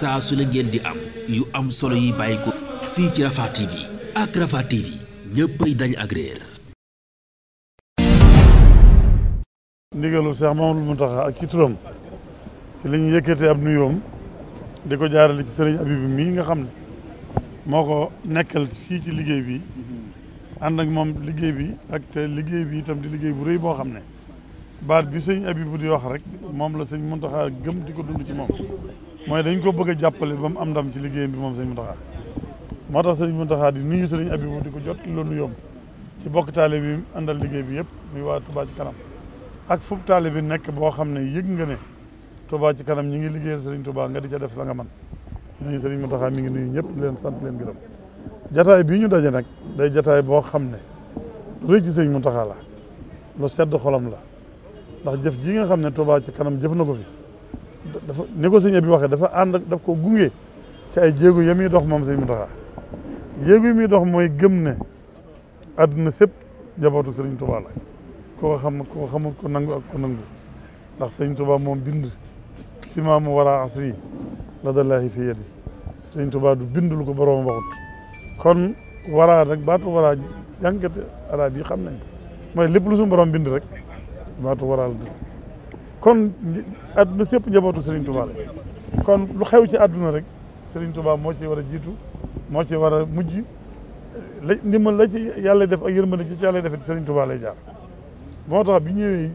saa su ne ngeen di am yu am solo yi bàyyi ko fii ci Rafah TV ak Rafah TV ñëppay dañ ak réer ndigalu Cheikh ak ci turam ci la ñu yëkkatee ab nuyoom di ko jaarale ci sëriñ Abibu mii nga xam ne moo ko nekkal fii ci liggéey bi ànd ak moom liggéey bi ak te liggéey bi itam di liggéey bu rëy boo xam ne baat bi sëñ Abibu di wax rek moom la sëñ Mountakha gëm di ko dund ci moom mooy dañ ko bëgg a jàppale ba am ndam ci liggéey bi moom sëñ Mountakha moo tax mu Mountakha di nuyu sëñ Abibu di ko jot loolu nuyoom ci bokk taalibe bi àndal liggéey bi yëpp muy waa Touba ci kanam ak fukk taalibe bi nekk boo xam ne yëg nga ne Touba ci kanam ñi ngi liggéeyal sëriñ Touba nga di ca def la nga man ñooñu sëriñ Mountakha mi ngi nuyu ñëpp leen sant leen gërëm jataay bii ñu daje nag day jataay boo xam ne rëy ci sëñ Mountakha la lu sedd xolam la ndax jëf ji nga xam ne Touba ci kanam jëf na ko fi dafa négocié bi waxe dafa ànd ak daf ko gunge ci ay jéego ya dox moom sëñ Mountakha jéego yi muy dox mooy gëm ne àdduna sëpp jabootu sëriñ Touba la koo xam koo xamul ko nangu ak ko nangu ndax sëriñ Touba moom bind simaamu wara asri la dallaahi fi yadi sëriñ Touba du bind lu ko boroom waxut kon waraa rek baatu waraa jànkate arab yi xam nañ ko mooy lépp lu suñu borom bind rek baatu waraa la kon adduna sépp njabootu Serigne Touba kon lu xew ci adduna rek sëriñ Touba moo ci war a jiitu moo ci war a mujj la ndimbal la ci yàlla def ak yërmande ci yàlla def Serigne Touba lay jaar moo tax bi ñëwee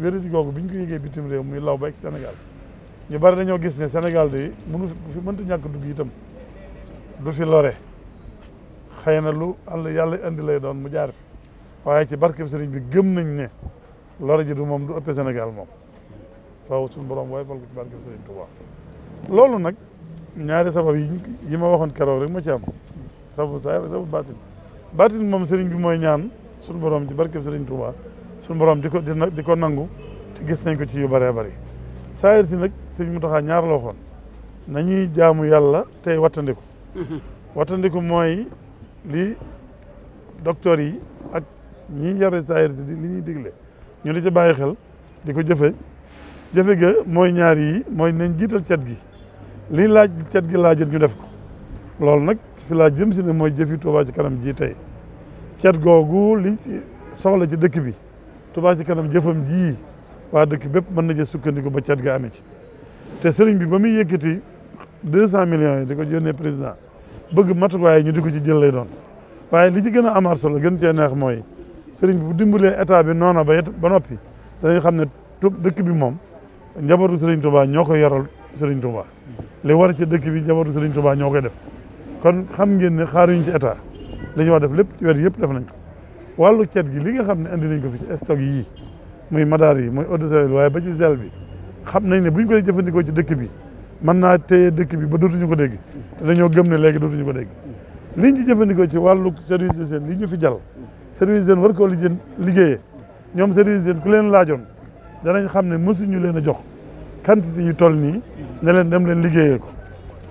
wéradi googu bi ñu ko yëgee muy law ba senegal ñu bari dañoo gis ne senegal de mënu fi mënta ñàkk dugg itam du fi lore xëy na lu àll yàlla indi lay doon mu jaar fi waaye ci barkeb sëriñ bi gëm nañ ne lore ji du moom du ëppee Sénégal moom faaw suñu borom waaye fal ko ci barke Sëriñ Tuubaa loolu nag ñaari sabab yi yi ma waxoon keroog rek ma ci am sababu saayir sababu baatin baatin moom sëriñ bi mooy ñaan suñu borom ci barke Sëriñ Tuubaa suñu borom di ko di ko nangu te gis nañ ko ci yu bëree bëri saayir si nag mu Muntaxa ñaar la na nañuy jaamu yàlla tey wattandiku wattandiku mooy lii docteur yi ak ñi yare saayir si li ñuy digle ñu di ci bàyyi xel di ko jëfe jafe ga mooy ñaar yi mooy nañ jiital cet gi liñ laaj cet gi laa jët ñu def ko loolu nag fi laa jëm si mooy jëfi Touba ci kanam ji tey cet googu liñ ci soxla ci dëkk bi Touba ci kanam jëfam ji waa dëkk bépp mën na ci sukkandiku ba cet ga amee ci te sëriñ bi ba muy yëkkati deux cent millions yi di ko yónnee président bëgg matuwaay ñu di ko ci jël lay doon waaye li ci gën a amaat solo gën cee neex mooy sëriñ bi bu dimbalee état bi noona ba ba noppi dañuy xam ne dëkk bi moom njabootu Serigne Touba ñoo koy yaral Serigne Touba li war ci dëkk bi njabootu Serigne Touba ñoo koy def kon xam ngeen ne xaaruñu ci etaa li ñu wax def lépp weer yëpp def nañ ko wàllu cet gi li nga xam ne andi nañ ko fi ci stock yi muy madaar yi mooy eau de waaye ba ci gel bi xam nañ ne bu ñu koy jëfandikoo ci dëkk bi mën naa téye dëkk bi ba dootuñu ko dégg te dañoo gëm ne léegi ñu ko dégg liñ ci jëfandikoo ci wàllu service d'hygiène li ñu fi jàll service d'hygiène war koo liggéeye ñoom service d'hygiène ku leen laajoon danañ xam ne mësuñu leen a jox quantité yu toll nii ne leen dem leen liggéeyee ko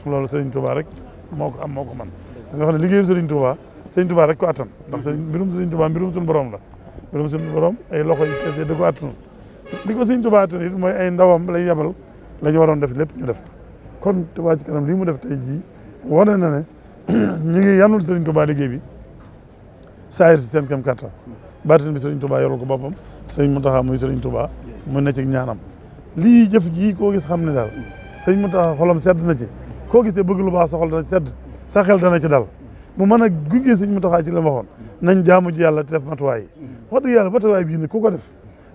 loolu Serigne Touba rek moo ko am moo ko man da nga xam ne liggéeyam Serigne Touba Serigne Touba rek ko attan ndax mbirum Serigne Touba mbirum suñu borom la mbirum suñu ay loxo yu fees da ko attanul li ko Serigne Touba attan it mooy ay ndawam lay yebal la ñu waroon def lépp ñu def ko kon Touba ci kanam lii mu def tey jii wane na ñu ngi yanul Serigne Touba liggéey bi saayir si seen kam kattan baatin bi Serigne Touba yorul ko boppam Serigne Mountakha muy Serigne Touba mu ne ci ñaanam lii jëf jii koo gis xam ne daal sëñ mu tax sedd na ci koo gisee bëgg lu baax sa xol dana sa xel dana ci dal mu mën a gunge sëñ mu taxaa ci la ma waxoon nañ jaamu ji yàlla te def matuwaay yi wax dëgg yàlla matuwaay bii ne ku ko def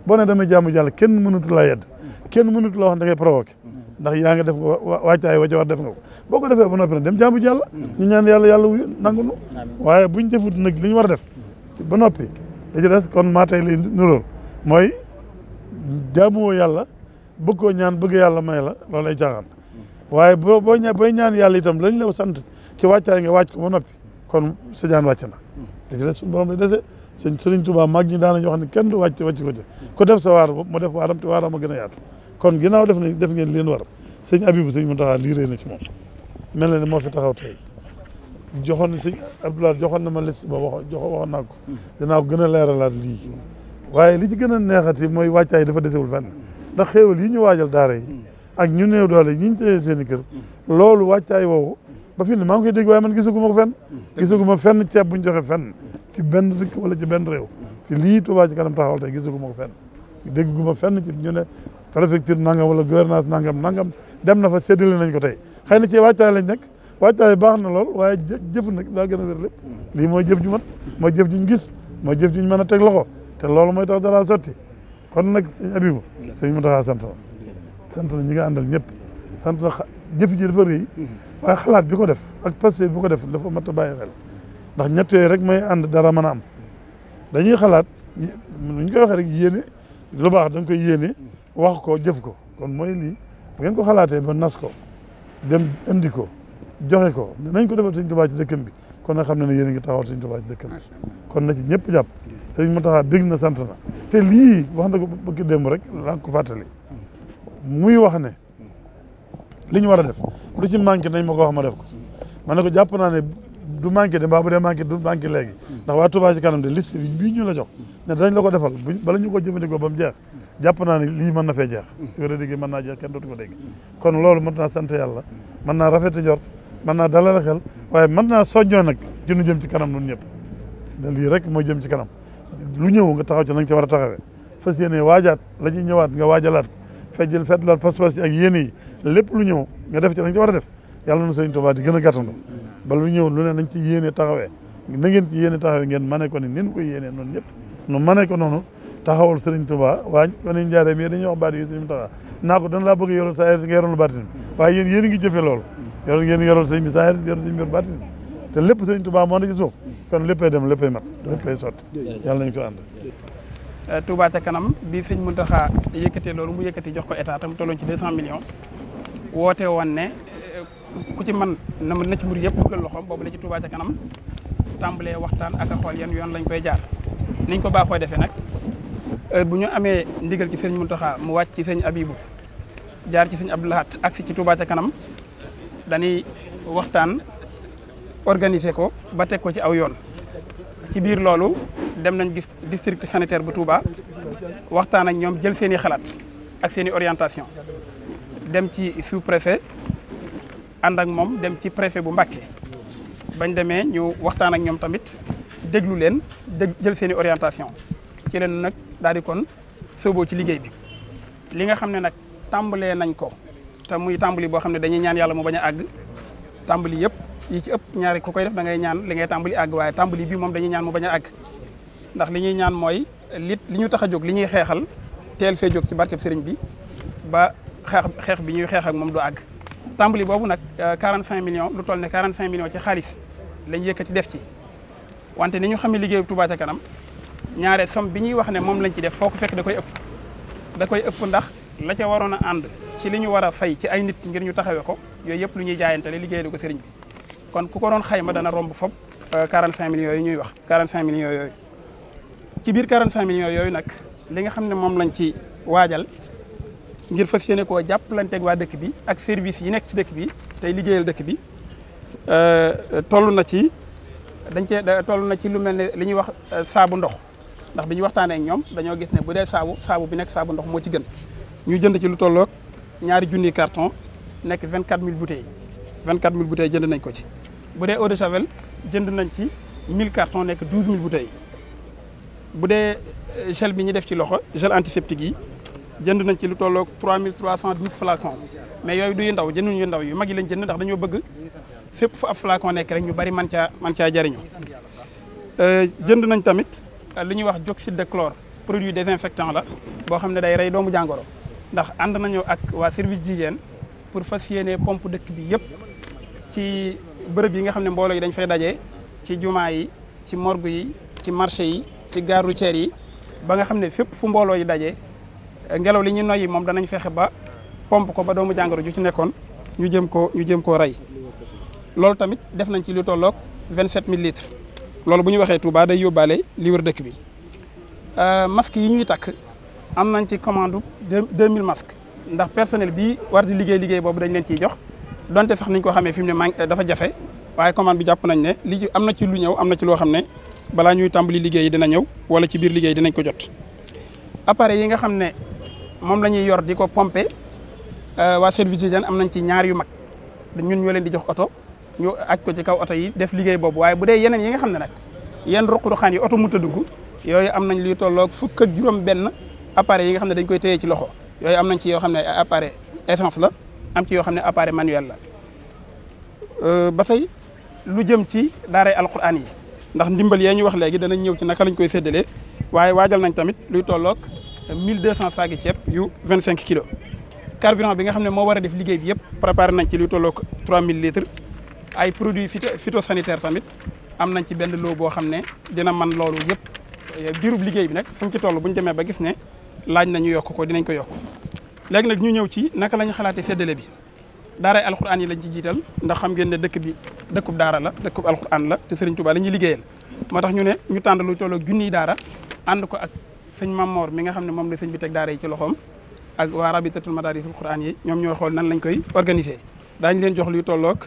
boo ne damay jaamu ji yàlla kenn mënatu laa yedd kenn mënatu la wax da ngay provoqué ndax yaa nga def nga waajtaay wa ca war def nga ko ko defee ba noppi nag dem jaamu ñu ñaan yàlla yàlla wuyu nangu nu waaye buñ defut nag li ñu war a def ba noppi da ci des kon maa tey lay mooy jaamuwoo yàlla bëggoo ñaan bëgg yàlla may la loolu ay caaxaan waaye boo boo ña booy ñaan yàlla itam lañ la sant ci wàccaay nga wàcc ko ba noppi kon sa jaan wàcc na li ci des suñu borom lay dese sëñ sëriñ mag ñi daanañu wax ne kenn du wàcc wàcc ko ci ku def sa waar mu def waaram waaram a gën a yaatu kon ginnaaw def na def ngeen leen war sëñ Abibu sëñ Muntaxa lii rëy na ci moom mel na ne moo fi taxaw tey joxoon na sëñ Abdoulaye joxoon na ma liste ba wax joxoon naa ko dinaa ko gën a leera leeralaat lii waaye li ci gën a neexati mooy wàccaay dafa desewul fenn ndax xéewal lii ñu waajal daara yi ak ñu néew doole yi ñu téye seen i kër loolu wàccaay woowu ba fi ne maa ngi koy dégg waaye man gisagu ma ko fenn gisagu ma fenn ceeb bu ñu joxe fenn ci benn dëkk wala ci benn réew te lii Touba ci kanam taxawal tey gisagu ma ko fenn déggu ma fenn ci ñu ne préfecture nangam wala gouvernance nangam nangam dem na fa séddale nañ ko tey xëy na ci wàccaay lañ nekk wàccaay baax na lool waaye jëf nag daa gën a wér lépp lii mooy jëf ju mat mooy jëf juñ gis mooy jëf juñ mën a teg te loolu mooy tax dara sotti kon nag sëñ Abibu sëñ mu sant la sant la ñi nga àndal ñëpp sant la jëf ji dafa rëy waaye xalaat bi ko def ak passé bi ko def dafa mat a bàyyi xel ndax ñett yooyu rek mooy ànd dara mën a am dañuy xalaat ñu koy waxee rek yéene lu baax da koy koy yéene wax ko jëf ko kon mooy nii bu ngeen ko xalaatee ba nas ko dem indi ko joxe ko ne nañ ko defal sëñ Tuubaa ci dëkkam bi kon na xam ne ne yéen a ngi taxawal sëñ Tuubaa ci dëkkam bi kon na ci ñëpp jàpp sëriñ Mountakha bég na sant na te lii wax na ko bëgg démb rek laa ko fàttali muy wax ne li ñu war a def lu ci manqué nañ ma ko wax ma def ko ma ne ko jàpp naa ne du manqué de mbaa bu dee manqué du manqué léegi ndax waa Touba ci kanam de liste bi bii ñu la jox ne dañ la ko defal bu bala ñu ko jëfandikoo ba mu jeex jàpp naa ne lii mën na fe jeex wéra digg mën naa jeex kenn dootu ko dégg kon loolu mën naa sant yàlla mën naa rafet jor mën naa dalal xel waaye mën naa soññoo nag ci nu jëm ci kanam nun ñëpp da lii rek moo jëm ci kanam lu ñëw nga taxaw ci na ci war a taxawee fas yéene waajaat la ñuy ñëwaat nga waajalaat ko fejjël feetlaat pas ak yéene yi lu ñëw nga def ci na nga ci war a def yàlla na sëñ Tuubaa di gën a gàttandu ba lu ñëw lu ne nañ ci yéene taxawee na ngeen ci yéene taxawee ngeen mane ko ni nin koy yéenee noonu ñëpp nu mane ko noonu taxawal sëriñ Tuubaa waa kon ñu jaaree mii dañuy ci suuf kon léppay dem léppay mat léppay sotti yàlla nañ ko ànd euh, Touba ca kanam bi sëñ Mountakha yëkkatee loolu mu yëkkati jox ko état tam tolloon ci deux cent millions woote woon ne euh, ku ci man na mën na ci mbir yëpp loxo loxoom boobu la ci Touba ca kanam tàmbalee waxtaan ak a xool yan yoon lañ koy jaar niñ ko baaxoo defee nag heure bu ñu amee ndigal ci sëñ Mountakha mu wàcc ci sëñ Abibu jaar ci sëñ ab laat ak si ci Touba ca kanam dañuy waxtaan organiser ko ba teg ko ci aw yoon ci biir loolu dem nañ gis district sanitaire bu Touba waxtaan ak ñoom jël seeni xalaat ak seen i orientation dem ci sous préfet ànd ak moom dem ci préfet bu Mbacké bañ demee ñu waxtaan ak ñoom tamit déglu leen dég jël seen i orientation ci leen nag daal di kon sóoboo ci liggéey bi li nga xam ne nag tàmbalee nañ ko te muy tàmbali boo xam ne dañuy ñaan yàlla mu bañ a àgg tàmbali yëpp. yi ci ëpp ñaari ku koy def da ngay ñaan li ngay tàmbali àgg waaye tàmbali bi moom dañuy ñaan mu bañ a ndax li ñuy ñaan mooy li li ñu tax a jóg li ñuy xeexal teel fee jóg ci barkeb sëriñ bi ba xeex xeex bi ñuy xeex ak moom du àgg tàmbali boobu nag 45 euh, millions lu toll ne 45 millions ci xaalis lañ yëkkati def ci wante ni ñu xamee liggéey Touba ca kanam ñaare somme bi ñuy wax ne moom lañ ci def foo ko fekk da koy ëpp da koy ndax la ca waroon a ànd ci li ñu war a fay ci ay nit ngir ñu taxawee ko yooyu yëpp lu ñuy jaayantale liggéey lu ko sëriñ bi kon ku ko doon xayma dana romb fop 45 euh, millions yooyu ñuy wax 45 millions yooyu ci biir quarante 45 millions yooyu nag li nga xam ne moom lañ ci waajal ngir fas yéene koo jàppalanteeg waa dëkk bi ak service yi nekk ci dëkk bi tey liggéeyal dëkk bi euh, toll na ci dañ cee toll na ci lu mel ne li ñuy wax euh, saabu ndox ndax bi ñu waxtaanee ñoom dañoo gis ne bu dee saabu saabu bi nekk saabu ndox moo ci gën ñu jënd ci lu tolloog ñaari junniy carton nekk 24000 bouteilles 24000 bouteilles jënd nañ ko ci. bu dee eau de javel jënd nañ ci mille 1000 cartons nekk 12000 bouteilles bu dee euh, gel bi ñu def ci loxo gel antiseptique yi jënd nañ ci lu tolloog 3312 flacons mais yooyu du yu ndaw jënduñu yu ndaw yu mag yi lañ jënd ndax dañoo bëgg fépp fu ab flacon nekk rek ñu bari man caa man caa jariñu euh, jënd nañ tamit euh, li ñuy wax dioxyde de chlore produit désinfectant la boo xam ne day rey doomu jàngoro ndax ànd nañoo ak waa service d'hygiène pour fas yéene pomp dëkk bi yëpp bërëb yi nga xam ne mbooloo yi dañ fay daje ci jumaa yi ci morgo yi ci marché yi ci gare routière yi ba nga xam ne fépp fu mbooloo yi daje eh, ngelaw li ñu noyyi moom danañ fexe ba pompe ko ba doomu jàngoro ju ci nekkoon ñu jëm ko ñu jëm koo rey loolu tamit def nañ ci lu tolloog 27000 litres loolu bu ñu waxee Touba day yóbbaale li wër dëkk bi euh, masques yi ñuy takk am nañ ci commande 2000 masques ndax personnel bi war di liggéey liggéey boobu dañ leen ciy jox. donte sax niñ ko xamee fi mu ne man eh, dafa jafe waaye commande bi jàpp nañ ne li am na ci lu ñëw am na ci loo xam ne balaa ñuy tàmbali liggéey yi dina ñëw wala ci biir liggéey dinañ ko jot appareil yi nga xam ne moom la yor di ko pompe euh, waa service d'hygiène am nañ ci ñaar yu mag ñun ñoo leen di jox oto ñu aj ko ci kaw oto yi def liggéey boobu waaye bu dee yeneen yi nga xam ne nag yenn ruq-ruqaan yi oto mu tëddugu yooyu am nañ luy tolloog fukk ak juróom benn appareil yi nga xam ne dañ koy téye ci loxo yooyu am nañ ci yoo xam ne appareil essence la am ci yoo xam ne appareil manuel la euh, ba tey lu jëm ci daaray alquran yi ndax ndimbal yee ñu wax léegi danañ ñëw ci naka lañ koy séddalee waaye waajal nañ tamit luy tolloog 1200 saagi ceeb yu cinq kilos carburant bi nga xam ne moo war a def liggéey bi yëpp préparé nañ ci luy tolloog mille litres ay produits phytosanitaire tamit am nañ ci benn loo boo xam ne dina man loolu yëpp diirub liggéey bi nag fu mu ci toll bu ñu demee ba gis ne laaj nañu yokk ko dinañ ko yokk léegi nag ñu ñëw ci naka la ñu xalaatee séddale bi daaray alxuraan yi lañ ci jiital ndax xam ngeen ne dëkk bi dëkkub daara la dëkkub alxuraan la te Serigne Touba la ñuy liggéeyal moo tax ñu ne ñu tànn lu toll ak junniy daara ànd ko ak sëñ Mamor mi nga xam ne moom la sëñ bi teg daara yi ci loxoom ak waa rabitatul madarisul quran yi ñoom ñoo xool nan lañ koy organiser daañu leen jox luy tolloog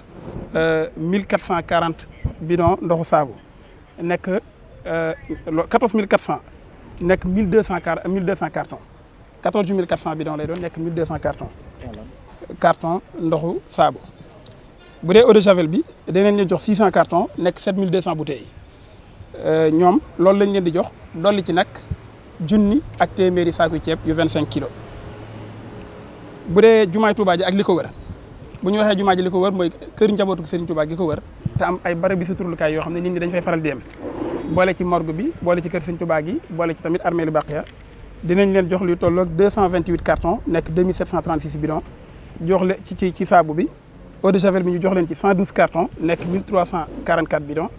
1440 bidon ndoxu saabu nekk 14400 euh, nekk 1200 1200 cartons quatorze mille quatre cent bidons lay doon nekk mille deux cent cartons. carton ndoxu saabu. bu dee eau de bi danañ leen jox six cent cartons nekk sept mille deux cent bouteilles yi euh, ñoom loolu lañ leen di jox dolli ci nag junni ak téeméeri saaku ceeb yu vingt cinq kilos. bu dee jumaay Touba ji ak li ko wër bu ñu waxee jumaa ji li ko wër mooy kër njabootu Serigne Touba gi ko wër te am ay barab bi suturlukaay yoo xam ne nit ñi dañ fay faral di dem boole ci morgue bi boole ci kër Serigne Touba gi boole ci tamit armée lu Baqiya dinañ leen jox lu tolloog 228 cartons nekk 2736 bidons jox leen ci ci saabu bi eau de javel bi ñu jox leen ci 112 cartons nekk 1344 bidons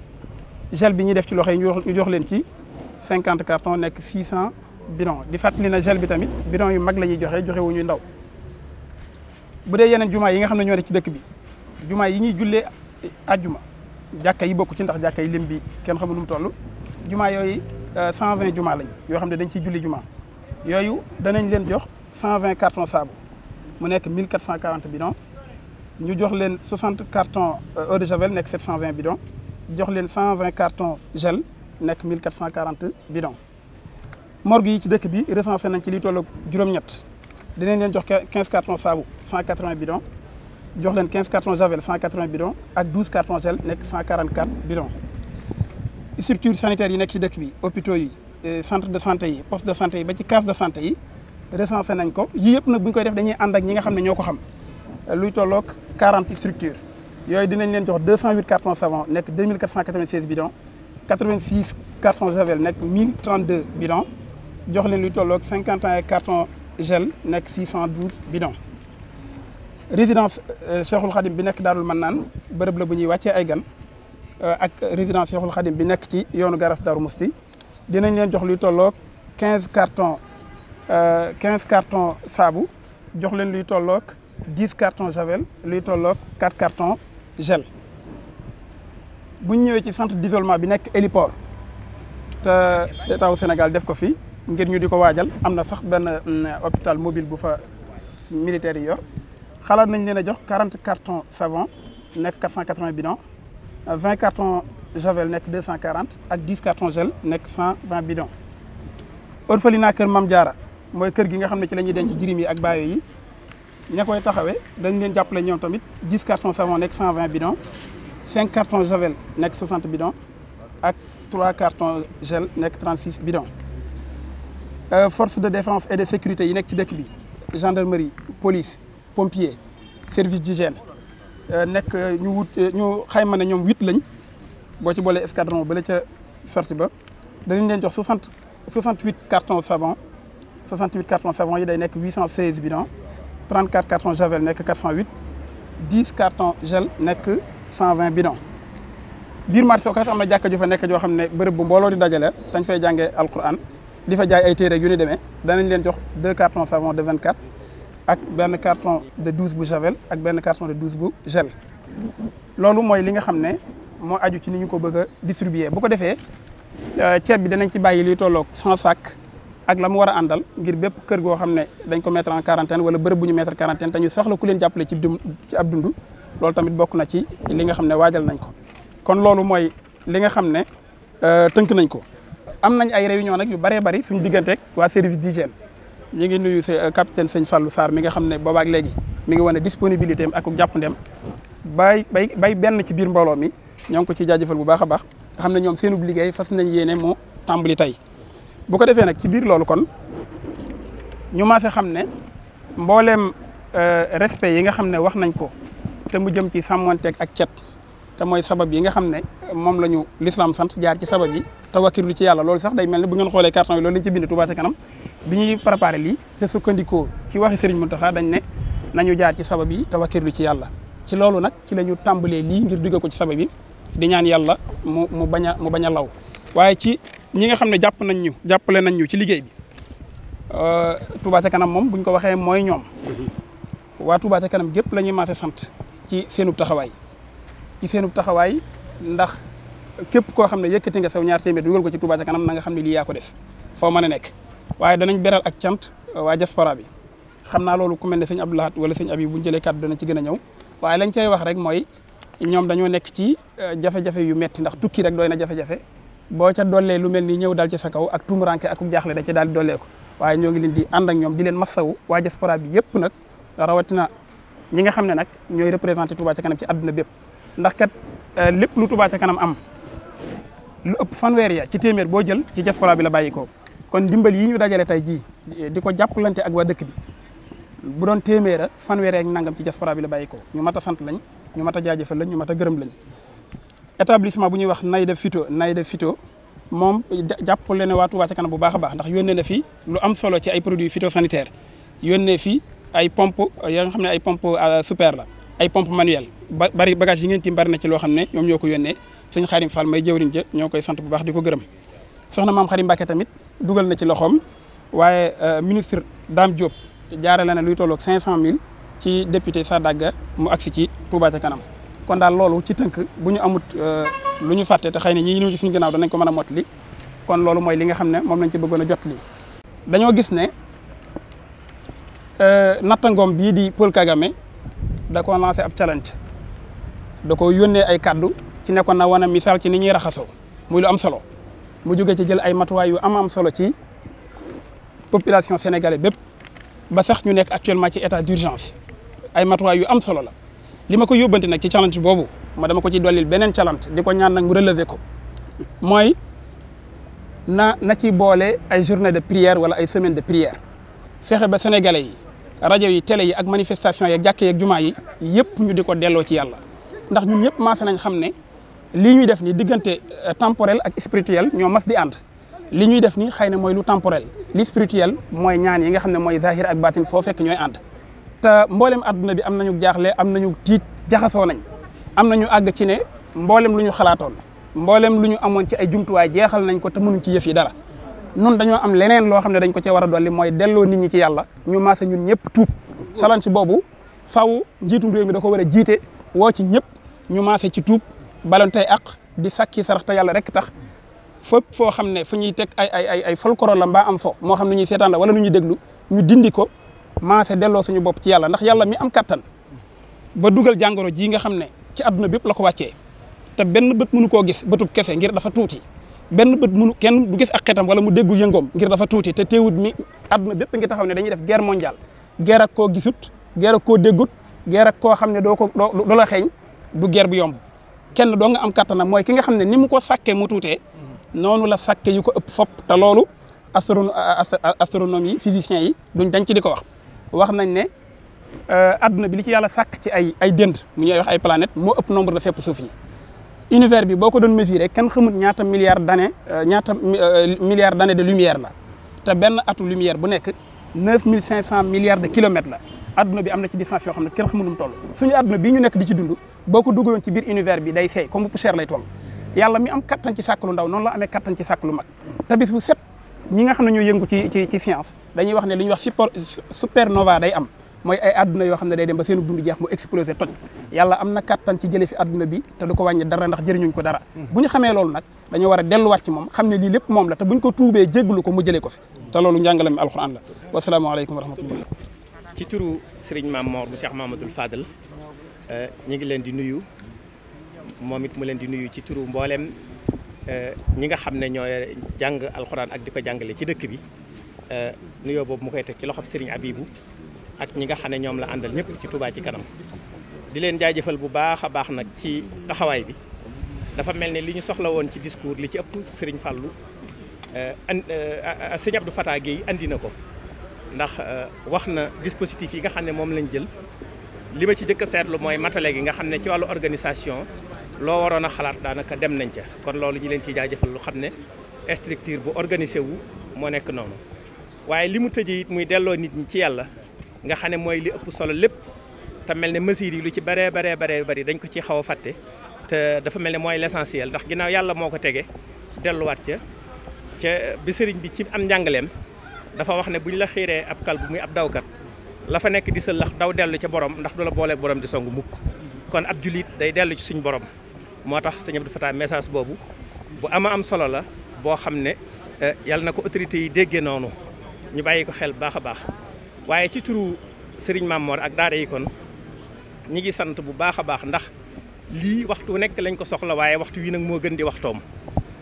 gel bi ñuy def ci loxo yi ñu jox leen ci 50 cartons nekk 600 bidons di fàttali na gel bi tamit binon yu mag la ñuy joxe joxe ndaw bu dee yeneen jumaa yi nga xam ne ñoo ne ci dëkk bi jumaa yi ñuy jullee ajjuma jàkka yi bokk ci ndax jàkka yi lim bi kenn xamul nu mu toll jumaa yooyu 120 euh, jumaa lañ yoo xam ne dañ ciy julli jumaa yooyu danañ leen jox cent vingt cartons saabu mu nekk mille quatre cent quarante bidons ñu jox leen soixante cartons euh, eau de javel nekk sept cent vingt jox leen cent vingt cartons gel nekk mille quatre cent quarante bidons morgue yi ci dëkk bi recensé nañ ci li tolloog juróom-ñett dinañ leen jox quinze cartons saabu cent quatre vingt bidons jox leen quinze cartons javel cent quatre vingt bidons ak douze cartons gel nekk cent quarante quatre bidons structures yi nekk ci dëkk bi hôpitaux yi. Euh, centre de santé yi poste de santé yi ba ci case de santé yi recensé nañ ko yii yëpp nag bu ñu koy def dañuy ànd ak ñi nga xam ne ñoo ko xam luy tolloog 40 structures yooyu dinañ leen jox 208 cartons savon nekk 2496 bidons 86 cartons javel nekk 1032 bidons jox leen luy tolloog 51 cartons gel nekk 612 bidons résidence euh, Cheikhul xadim bi nekk Daarul Mannaan bërëb la bu ñuy wàccee ay gan euh, ak résidence Cheikhul xadim bi nekk ci yoonu garas Daaru Musti dinañ leen jox luy tolloog quinze cartons euh, quinze cartons saabu jox leen luy tolloog dix cartons javel luy tolloog quatre cartons gel bu ñu ñëwee ci centre d'isolement bi nekk héliport te état Sénégal def ko fi ngir ñu di ko waajal am na sax benn mm, hôpital mobile bu fa militaires yi yor xalaat nañ leen a jox quarante cartons savon nekk quatre cent quatre-vingts bidons vingt cartons Javel nekk deux cent quarante ak dix carton gel nekk cent vingt bidon orphelinat kër Mam Diarra mooy kër gi nga xam ne ci la ñuy denc jirim yi ak baayo yi ña koy taxawee dañ leen jàppale ñoom tamit dix carton savon nekk cent vingt bidon cinq carton Javel nekk soixante bidon ak trois carton gel nekk trente six bidon euh, force de défense et de sécurité yi nekk ci dëkk bi gendarmerie police pompier service d'hygiène euh, nekk euh, ñu wut ñu xayma ne ñoom huit lañ boo ci boolee escadron ba la ca sorti ba danañ leen jox soixante soixante huit cartons savon soixante huit cartons savon yi day nekk huit cent seize bidon trente quatre cartons javel nekk quatre cent huit dix cartons gel nekk cent vingt bidon biir am na jàkka ju fa nekk joo xam ne bërëb bu mbooloo di dajale dañ fay jàngee alquran di fa jaay ay téere yu ni demee danañ leen jox deux cartons savon de vingt quatre ak benn carton de douze bu javel ak benn carton de bu gel loolu mooy li nga xam ne moo aju ci ni ñu ko bëgg a distribuer bu ko defee euh, ceeb bi danañ ci bàyyi luy tolloog 100 sac ak la mu war a àndal ngir bépp kër goo xam ne dañ ko mettre en quarantaine wala bërëb bu ñu mettre quarantaine te ñu soxla ku leen jàppale ci dund ci ab dund loolu tamit bokk na ci li nga xam ne waajal nañ ko kon loolu mooy li nga xam ne euh, tënk nañ ko am nañ ay réunion nag yu bëree bëri suñu diggante waa service d'hygiène ñu ngi nuyu euh, capitaine sëñ Fallou saar mi nga xam ne boobaak léegi mi ngi wane disponibilité am ak jàppandem bay bay bay benn ci biir mbooloo mi ñoo ngi ko ci jaajëfal bu baax a baax nga xam ne ñoom seenub liggéey fas nañ yéene moo tàmbali tey bu ko defee nag ci biir loolu kon ñu maase xam ne mbooleem euh, respect yi nga xam ne wax nañ ko te mu jëm ci sàmmanteeg ak cet te mooy sabab yi nga xam ne moom la ñu lislaam sant jaar ci sabab yi te wakkirlu ci yàlla sax day mel ne bu ngeen xoolee carton yi loolu ci bind Touba ca kanam bi ñuy préparé lii te sukkandikoo ci waxi Serigne dañ ne nañu jaar ci sabab yi te wakkirlu ci yàlla ci loolu nag ci lañu ñu tàmbalee lii ngir dugge ko ci sabab yi di ñaan yàlla mu mu bañ mu bañ a law waaye ci ñi nga xam ne jàpp nañ ñu jàppale nañ ñu ci liggéey bi euh, Touba ca kanam moom buñ ko waxee mooy ñoom mm-hmm. waa Touba ca kanam gépp la ñuy maase sant ci seenub taxawaay ci seenub taxawaay ndax képp koo xam ne yëkkati nga saw ñaar téeméer dugal ko ci Touba ca kanam na xam ne lii yaa ko def foo mën a nekk waaye danañ beral ak sant euh, waa diaspora bi xam naa loolu ku mel ne sëñ laat wala sëñ Abi bu ñu jëlee kàddu dana ci gën a ñëw waaye lañ cay wax rek mooy ñoom dañoo nekk ci euh, jafe-jafe yu metti ndax tukki rek doy na jafe-jafe boo ca dollee lu mel ni ñëw daal ci sa kaw ak tumuranke ak jaaxle da ca daal di dollee ko waaye ñoo ngi leen di ànd ñoom di leen massawu waa diaspora bi yëpp nag rawatina ñi nga xam ne nag ñooy représenté Touba ca kanam ci àdduna bépp ndax kat euh, lépp lu Touba ca kanam am lu ëpp fanweer ya ci téeméer boo jël ci diaspora bi la bàyyi ko kon dimbal yi ñu dajale tey jii di ko jàppalante ak waa dëkk bi bu doon téeméer a fanweer nangam ci diaspora bi la bàyyi ko ñu mat sant lañ ñu mat a jaajëfal lañ ñu mat a gërëm lañ établissement bu ñuy wax nay Naïda Phyto Naïda Phyto moom jàppale ne waa Touba ca kanam bu baax a baax ndax yónnee na fi lu am solo ci ay produit produits phytosanitaires yónnee fi ay pompe ya nga xam ne ay pompe euh, super la ay pompe manuel ba bari bagage yi ngeen tiim bari na ci loo xam ne ñoom ñoo ko yónnee suñu xaarim Fall may jëwriñ ja ñoo koy sant bu baax di ko gërëm soxna maam xarim Mbàkke tamit dugal na ci loxoom waaye euh, ministre Dame Diop jaarale na luy tolloog 500000 ci député sa Sadaga mu agsi ci Touba ca kanam kon daal loolu ci tënk bu ñu amut euh, lu ñu fàtte te xay na ñi ñëw ci suñu danañ ko mën a mot li kon loolu mooy li nga xam ne moom lañ ci bëggoon a jot li dañoo gis ne euh, nattangoom bii di Paul Kagame da ko lancé ab challenge da ko yónnee ay kaddu ci nekkoon na wane misaal ci ni ñuy raxasoo muy lu am solo mu jógee ci jël ay matuwaay yu am am solo ci population sénégalaise bépp ba sax ñu nekk actuellement ci état d'urgence ay matuwaay yu am solo la li ma ko yóbbanti nag ci challenge boobu ma dama ko ci dollil beneen challenge di ko ñaan nag mu relever ko mooy na na ci boole ay journée de prière wala ay semaine de prière fexe ba sénégalais yi rajo yi télé yi ak manifestation yi ak jàkk yi ak jumaa yi yëpp ñu di ko delloo ci yàlla ndax ñun ñëpp maase nañ xam ne li ñuy def ni diggante euh, temporel ak spirituel ñoo mas di ànd li ñuy def ni xëy na mooy lu temporel li spirituel mooy ñaan yi nga xam ne mooy zahir ak foo fekk ñooy ànd te mboolem adduna bi am nañu jaaxle am nañu tiit jaxasoo nañ am na ñu àgg ci ne mboolem lu ñu xalaatoon mboolem lu ñu amoon ci ay jumtuwaay jeexal nañ ko te mënuñ ci yëf yi dara nun dañoo am leneen loo xam ne dañ ko cee war a dolli mooy delloo nit ñi ci yàlla ñu maase ñun ñëpp tuub salan si boobu faw njiitum réew mi da ko war a jiite woo ci ñëpp ñu maase ci tuub balon tey ak di sakki sarax te yàlla rek tax fépp foo xam ne fu ñuy teg ay ay ay ay folklore la mbaa am fo moo xam ne ñuy seetaan la wala nu ñuy déglu ñu dindi ko maase delloo suñu bopp ci yàlla ndax yàlla mi am kattan ba dugal jàngoro jii nga xam ne ci adduna bépp la ko wàccee te benn bët mënu koo gis bëtub kese ngir dafa tuuti benn bët munu kenn du gis ak wala mu déggu yëngoom ngir dafa tuuti te teewut mi àdduna bépp ngi taxaw ne dañuy def guerre mondiale guerre koo gisut guerre koo déggut guerre koo xam ne doo ko doo la xeeñ du bu yomb kenn doo am kattanam mooy ki nga xam ne ni mu ko sàkkee mu tuutee noonu la sàkkee yu ko ëpp fopp te loolu astron astronomie physiciens yi duñ dañ ci di ko wax wax nañ ne euh, adduna bi li ci yàlla sàkk ci ay ay dënd mu ñuy wax ay planète moo ëpp nombre de fépp suuf yi univers bi boo ko doon mesurer kenn xamut ñaata milliards d'années euh, ñaata euh, de lumière la te benn atu lumière bu nekk neuf mille cinq cent de kilomètres la adduna bi am na ci distance xam ne kenn xamul nu mu toll suñu adduna bii ñu nekk di ci dund boo ko dugaloon ci biir univers bi day seey comme poussière lay toll yàlla mi am kattan ci sàkk lu ndaw noonu la amee kattan ci ñi nga xam ne ñoo yëngu ci ci ci science dañuy wax ne li ñuy wax super supernova day am mooy ay adduna yoo xam ne day dem ba seen dund jeex mu explosé toj yàlla am na kattan ci jële fi adduna bi te du ko wàññi dara ndax jëriñuñ ko dara hmm. bu ñu xamee loolu nag dañoo war a delluwaat ci moom xam ne lii lépp moom la te buñ ko tuubee jéggalu ko mu jëlee ko fi te loolu njàngale mi alxuraan la wasalaamaaleykum wa rahmatullah ci turu Serigne Mame Mor bu Cheikh Mamadou Fadal euh, ñu ngi leen di nuyu moom it mu leen di nuyu ci turu mboolem Euh, ñi nga xam ne ñoo yore jàng alxuraan ak di ko jàngale ci dëkk bi euh, nuyoo boobu mu koy teg ci loxob Serigne Abibou ak ñi nga xam ne ñoom la àndal ñëpp ci Touba ci kanam di leen jaajëfal bu baax a baax nag ci taxawaay bi dafa mel ni li ñu soxla woon ci discours li ci ëpp Serigne Fallou euh, an Serigne Abdou Fatah Guèye andi na ko ndax wax na dispositif yi nga xam ne moom lañ jël li ma ci jëkk seetlu mooy matale gi nga xam ne ci wàllu organisation loo waroon a xalaat daanaka dem nañ ca kon loolu ñu leen ciy jaajëfal lu xam ne structure bu organisé wu moo nekk noonu waaye li mu tëjee it muy delloo nit ñi ci yàlla nga xam ne mooy li ëpp solo lépp te mel ne mesures yi lu ci baree bare baree bari dañ ko ci xaw a fàtte te dafa mel ne mooy l'essentiel ndax ginnaaw yàlla moo ko tege delluwaat ca ca bi sëriñ bi ci am njàngaleem dafa wax ne bu ñu la xiiree ab kal bu muy ab dawkat la fa nekk di sa lax daw dellu ca borom ndax du la borom di songu mukk kon ab julit day dellu ci suñ borom moo tax sëñ Abdou Fatah message boobu bu ama am solo la boo xam ne eh, yàlla na ko autorités yi déggee noonu ñu bàyyi ko xel baax a baax waaye ci turu sëriñ Mamor ak daara yi kon ñi ngi sant bu baax a baax ndax lii waxtu nekk lañ ko soxla waaye waxtu wii nag moo gën di waxtoom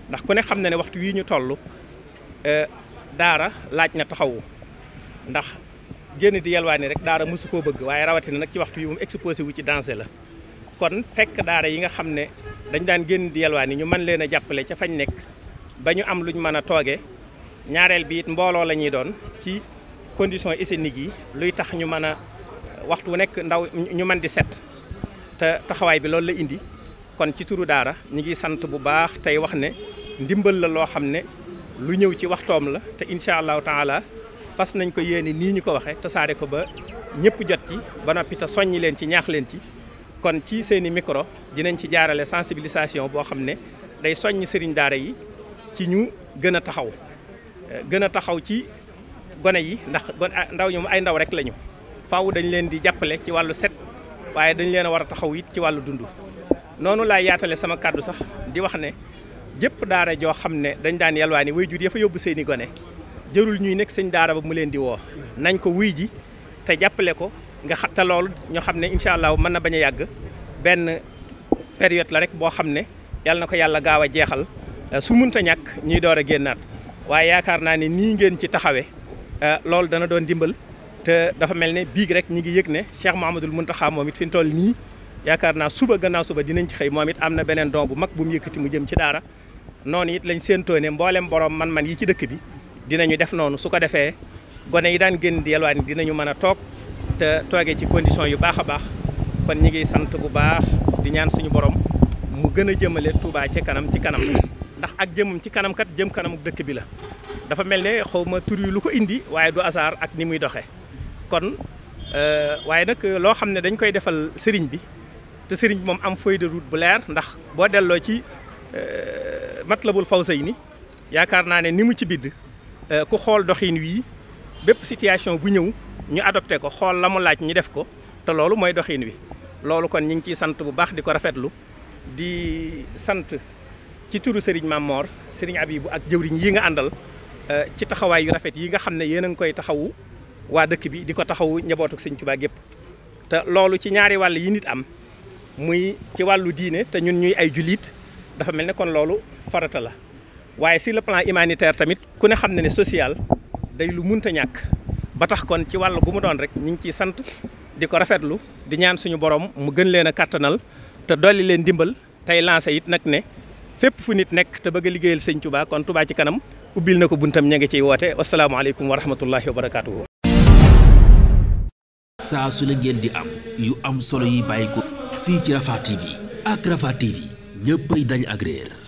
ndax ku ne xam na ne waxtu wii ñu toll eh, daara laaj na taxawu ndax génn di yalwaani rek daara musu koo bëgg waaye rawatina nag ci waxtu yi moom exposé wu ci danger la kon fekk daara yi nga xam ne dañ daan génn di yalwaan ñu man leen a jàppale ca fañ nekk ba ñu am lu ñu mën a tooge ñaareel biit mbooloo la ñuy doon ci condition hygiénique yi luy tax ñu mën a waxtu wu nekk ndaw ñu mën di set te taxawaay bi loolu la indi kon ci turu daara ñu ngi sant bu baax tey wax ne ndimbal la loo xam ne lu ñëw ci waxtoom la te incha allahu taala fas nañ ko yéene nii ñu ko waxee tasaare ko ba ñëpp jot ci ba noppi te soññi leen ci ñaax leen ci kon ci seeni micro dinañ ci jaarale sensibilisation boo xam ne day soññ sëriñ daara yi ci ñu gën a taxaw gën a taxaw ci gone yi ndax ndaw ñu ay ndaw rek lañu faaw dañ leen di jàppale ci wàllu set waaye dañu leen a war a taxaw it ci wàllu dund noonu laay yaatale sama kàddu sax di wax ne jëpp daara joo xam ne dañ daan yalwaani waajur ya fa yóbbu seeni gone jërul ñuy nekk sëñ daara ba mu leen di woo nañ ko wuy ji te jàppale ko nga xam te loolu ñoo xam ne incha allah man na bañ a yàgg benn période la rek boo xam ne yàlla na ko yàlla gaaw a jeexal euh, su munta ñàkk ñuy door a génnaat waaye yaakaar naa ne nii ngeen ci taxawee euh, loolu dana doon dimbal te dafa mel ne biig rek ñi ngi yëg ne Cheikh Mouhamadoul Mountakha moom it fi mu toll nii yaakaar naa suba gannaaw suba dinañ ci xëy moom it am na beneen don bu mag bu mu yëkkati mu jëm ci daara noonu it lañ séentoo ne mboolem boroom man-man yi ci dëkk bi dinañu def noonu su ko defee gone yi daan génn di yelwaan dinañu mën a toog te toogee ci condition yu baax a baax kon ñi ngi sant bu baax di ñaan suñu borom mu gën a jëmale Touba ci kanam ci kanam ndax ak jëmum ci kanam kat jëm kanam dëkk bi la dafa mel ne xaw ma tur yu lu ko indi waaye du hasard ak ni muy doxee kon euh, waaye nag loo xam ne dañ koy defal sëriñ bi te sëriñ bi moom am feuille de bu leer ndax boo delloo ci euh, Matlabul Fawzayni yaakaar naa ne ni mu ci bidd euh, ku xool doxin wii bépp situation bu ñëw ñu adopté ko xool la mu laaj ñu def ko te loolu mooy doxiin wi loolu kon ñu ngi ciy sant bu baax di ko rafetlu di sant ci turu Serigne mamoor Mor Serigne Abibou ak jëwriñ yi nga àndal euh, ci taxawaay yu rafet yi nga xam ne yéen a ngi koy taxawu waa dëkk bi di ko taxawu njabootuk Serigne Touba gépp te loolu ci ñaari wàll yi nit am muy ci wàllu diine te ñun ñuy ay jullit dafa mel ni kon loolu farata la waaye si le plan humanitaire tamit ku ne xam ne ne sociale day lu munta ñàkk ba tax kon ci wàll gu mu doon rek ñu ngi ciy sant di ko rafetlu di ñaan suñu borom mu gën leen a kàttanal te dolli leen dimbal tey lancé it nag ne fépp fu nit nekk te bëgg a liggéeyal sëñ tubaa kon Touba ci kanam ubbil na ko buntam ña ngi ciy woote wasalaamaaleykum wa rahmatullahi wa barakaatuhu. saa su la ngeen di am yu am solo yi bàyyi ko fii ci Rafah TV ak Rafah TV ñëppay dañ agréer